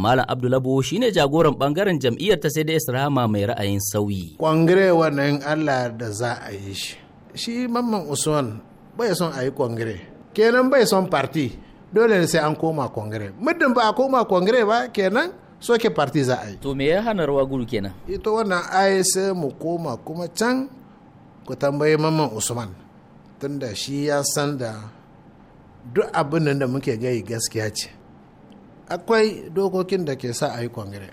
Malam Abdulabo shi ne jagoran bangaren jam'iyyar ta sai da Isra'ama mai ra'ayin sauyi. Kwangire wannan Allah da za a yi shi. Shi Mamman Usman bai son a yi kwangire. Kenan bai son parti dole ne sai an koma kwangire. Muddin ba a koma kwangire ba kenan soke parti za a yi. To me ya hana rawa gudu kenan? Ito wannan ai sai mu koma kuma can ku tambayi Mamman Usman. Tunda shi ya san da duk abin da muke gai gaskiya ce. akwai dokokin da ke sa a yi kongire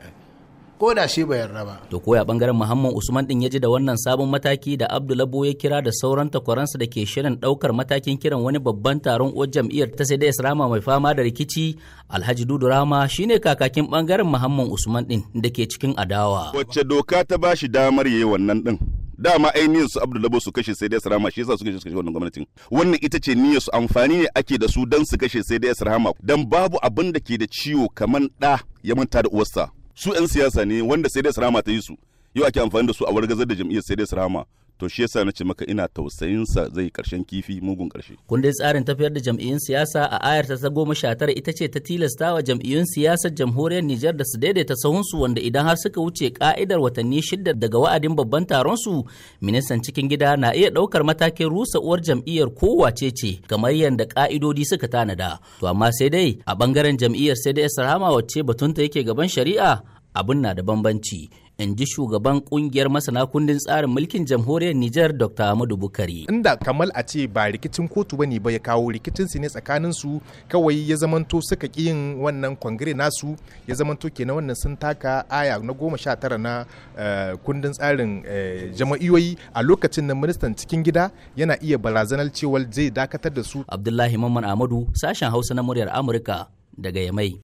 ko da shi bai yarda ba. To koya bangaren Muhammad Usman din ya ji da wannan sabon mataki da Abdulabo ya kira da sauran takwaransa da ke shirin daukar matakin kiran wani babban taron uwar jam'iyyar ta sai da Israma mai fama da rikici Alhaji Dudu Rama shine kakakin bangaren Muhammad Usman din da ke cikin adawa. Wacce doka ta ba shi damar yi wannan din? dama ai niyyar su Abdul su kashe sai dai Sarama shi yasa suka shi wannan gwamnatin wannan ita ce niyyar su amfani ne ake da su dan su kashe sai dai Sarama dan babu abin da ke da ciwo kaman da ya manta da uwarsa su 'yan siyasa ne wanda sai dai Sarama ta yi su yau ake amfani da su a wargazar da jam'iyyar sai dai Sarama to shi yasa nace maka ina tausayin sa zai karshen kifi mugun karshe dai tsarin tafiyar da jam'iyyun siyasa a ayar ta ta goma sha ita ce ta tilasta wa jam'iyyun siyasar jamhuriyar Nijar da su daidaita sahunsu wanda idan har suka wuce ka'idar watanni shida daga wa'adin babban taron su ministan cikin gida na iya ɗaukar matakin rusa uwar jam'iyyar kowace ce kamar yadda ka'idodi suka tanada to amma sai dai a bangaren jam'iyyar sai dai sarama wacce batunta yake gaban shari'a abun na da bambanci in ji shugaban kungiyar masana kundin tsarin mulkin jamhuriyar Nijar Dr. Ahmadu Bukari. Inda kamal a ce ba rikicin kotu ba ne ba ya kawo rikicin ne tsakanin su kawai ya zamanto suka ki yin wannan kwangire nasu ya zamanto ke na wannan sun taka aya na goma sha tara na eh, kundin tsarin eh, jama'iyoyi a lokacin nan ministan cikin gida yana iya barazanar cewa zai dakatar da su. Abdullahi Mamman Ahmadu sashen Hausa na muryar Amurka daga Yamai.